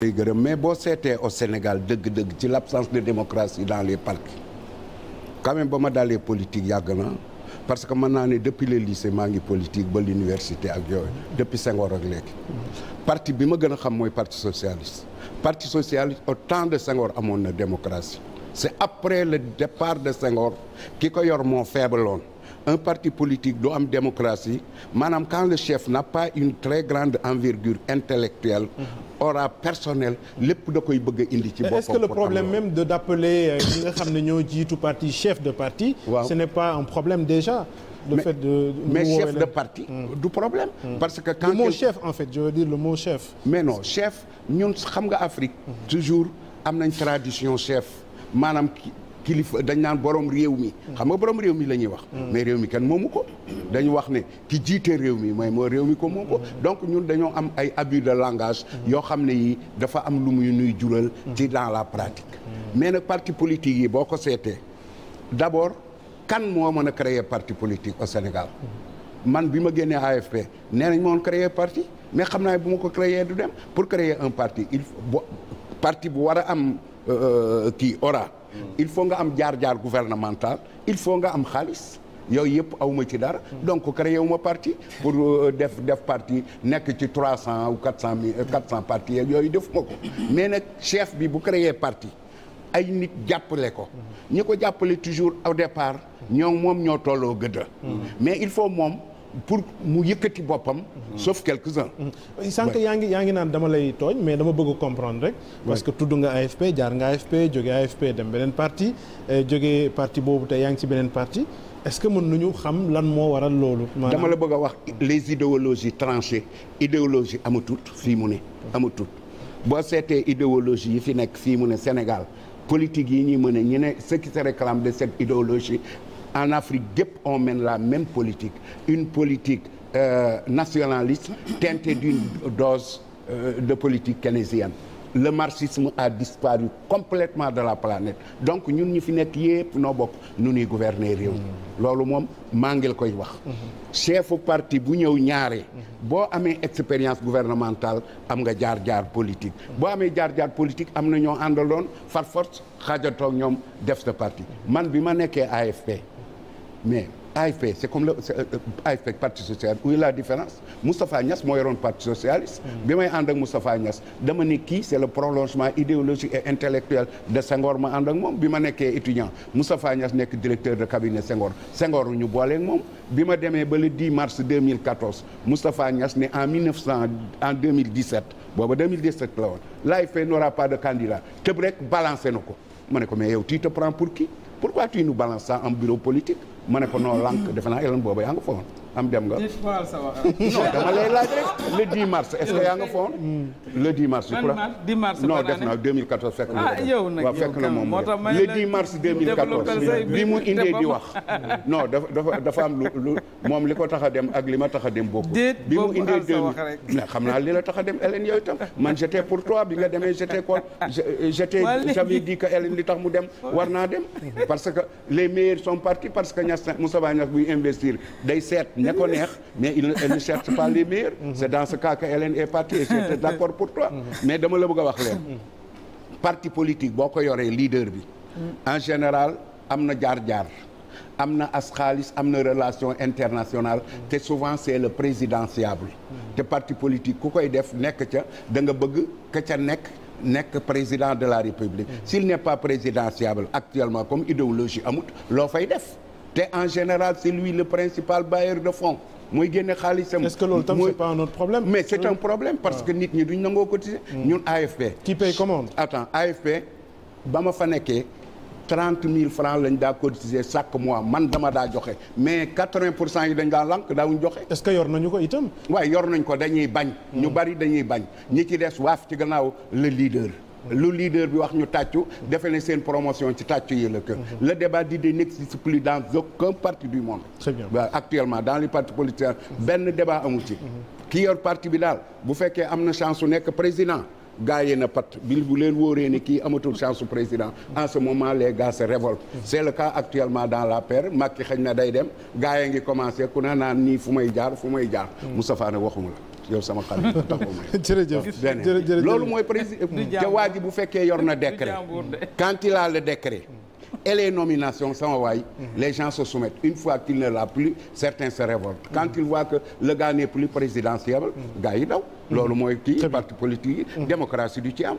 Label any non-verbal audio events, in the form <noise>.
day gërëm mais boo seetee au Sénégal dëgg-dëgg ci l'absence de démocratie dans les partis quand même ba ma dalee politique yàgg na parce que mën naa ne depuis le lycée maa ngi politique ba l'université ak yooyu depuis Senghor ak léegi parti bi ma gën a xam mooy parti socialiste parti socialiste au temps de Senghor amoon na démocratie c'est après le départ de Senghor ki ko yor moo faible loon un parti politique du am démocratie maanaam quand le chef n'a pas une très grande envergure intellectuelle mhm. aura personnel lépp da koy bëgg a indi ci boppam est-ce que le problème même de d'appeler euh, ñi nga xam ne ñoo jiitu parti chef de parti waaw ce n'est pas un problème déjà le mais, fait de mais chef de parti mm. du problème mm. parce que quand le mot quel... chef en fait je veux dire le mot chef mais non chef ñun xam nga Afrique mm. toujours am nañ tradition chef maanaam kilifa dañ naan borom réew mi. xam nga borom réew mi la ñuy wax. Hmm. mais réew mi kan moomu ko. dañu wax ne ki jiitee réew mi mooy moo réew mi ko moom ko. Hmm. donc ñun dañoo am ay abus de langage. Hmm. yoo xam ne yi dafa am lu muy nuy jural. ci dans la pratique. mais nag parti politique yi boo ko seetee d' abord kan moo mën na créer parti politique au Sénégal. man bi ma génnee AFP nee nañ ma woon créer parti mais xam naa bu ma ko créer du dem pour créer un parti il faut parti bu war a am euh, euh, kii aura. il faut nga am jaar-jaar gouvernemental il faut nga am xaalis yooyu yëpp awma ci dara. donc créé wu ma parti pour euh, def def parti nekk ci trois cent ou quatre cent mille euh, quatre cent parti yooyu def ma ko. mais nag chef bi bu créé parti ay nit jàppale ko. ñi ko jàppale toujours au départ. ñoo moom ñoo tolloo gëdd. Hmm. mais il faut moom. pour mu yëkkati boppam. sauf quelques-uns. Mm-hmm. sànq yaa ngi yaa ngi naan dama lay tooñ mais dama bëgg comprendre rek. parce que tudd nga AFP jaar nga AFP jóge AFP dem beneen parti eh, jóge parti boobu te yaa ngi ci beneen parti est-ce que mën nañu xam lan moo waral loolu. dama la bëgg a wax les idéologies tranchées idéologie amatut fii mu ne amatut boo seetee idéologie yi fi nekk fii mu ne Sénégal politique yi ñuy mën a ñu ne ce qui se réclame de cette idéologie en Afrique gépp on mène la même politique une politique euh, nationaliste teintée d'une dose euh, de politique keynésienne le marxisme a disparu complètement de la planète donc ñun ñu fi nekk yépp noo bokk nu ñuy gouverner réew loolu moom maa ngi koy wax chefu parti bu ñëw ñaari boo amee expérience gouvernementale am nga jaar-jaar politique boo amee jaar-jaar politique am na ñoo àndaloon far force xaajatoog ñoom def sa parti man bi ma nekkee AFP mais AFP c'est comme le euh, AFP parti socialiste où est la différence Moustapha Niass moo yoroon parti socialiste. Mm. bi may ànd ak Moustapha Niass dama ne kii c'est le prolongement idéologique et intellectuel de Senghor ma ànd ak moom bi ma nekkee étudiant Moustapha Niass nekk directeur de cabinet Senghor Senghor ñu booleeg moom. bi ma demee ba le 10 mars 2014 Moustapha Niass en 1900 en 2017 booba 2017 la woon l'AFP n'aura pas de candidat tëb rek balancé na ko ma ne ko mais pourquoi tu nous balances ça en bureau politique ma ne ko non lànk defe naa elan booba yaa nga fa am dem nga. non dama lay laaj rek le 10 mars est nga foon. Hmm. le 10 mars. non def na 2014 fekk na. ah yow nag fekk na moom le 10 mars 2014 <laughs> bi mu indee di wax. <laughs> non dafa dafa am lu moom li ko tax a dem ak li ma tax a dem bokkul. bi mu indee 2000 xam naa li la tax a dem Hélène yow itam man j'étais pour toi bi nga demee j'étais quoi j'étais j'avais dit que li tax mu dem war naa dem parce que les meilleurs sont partis parce que Niass Moussa Ba Niass buy investir day seet. ña neex mais il elle ne cherche pas les meilleurs mhm. dans ce cas que Hélène est partie <laughs> mhm. dama la bëgg a wax leen mhm. parti politique boo ko yore leader bi en général am na jaar-jaar am na as xaalis am na relation internationale te souvent c'est le présidentiable te parti politique ku koy def nekk ca da nga bëgg ka ca nekk nekk président de la république s'il n'est pas présidentiable actuellement comme idéologie amut loo fay def te en général c'est lui le principal bailleur de fonds mooy génne xaalisam. est-ce que loolu tam c'est pas un problème. mais c'est un problème parce ah. que nit ñi duñ nangoo cotiser. Hmm. ñun AFP. qui paye commande. attends AFP ba ma fa nekkee trente mille francs lañ daa cotiser chaque mois man dama daa joxe mais quatre-vingts pour cent yi dañ daa lànk daawuñ joxe. est-ce que yor nañu ko itam. waaye yor nañ ko dañuy bañ. ñu hmm. bari dañuy bañ. ñi ci des waaf ci gannaaw le leader. lu leader bi wax ñu tàccu defe ne seen promotion ci tàccu yi la que mhm. le débat d'idées si plus dans aucun parti du monde actuellement dans les partis politiques benn débat amu ci mhm. kii yor parti bi daal bu fekkee am na chance su nekk président gars yi na pat bi bu leen wóoree ni kii amatul chance su président en ce moment les gars se révoltent c' le cas actuellement dans la paire Macky xëy na day dem gars yi ngi commencé ku ne naan nii fu may jaar fu may jaar hmm. Moustapha ne waxuma la yow sama xarit taxaw ma <laughs> jërëjëf jërëjëf loolu mooy président te waa bu fekkee yor na décret quand il et les nominations sama mhm. waay. les gens se soumettent une fois qu'il ne l'a plus certains se révoltent. quand mhm. ils voient que le gars plus présidentiel. Mhm. gars yi daw. loolu mooy kii parti politique yi. démocratie du ci am.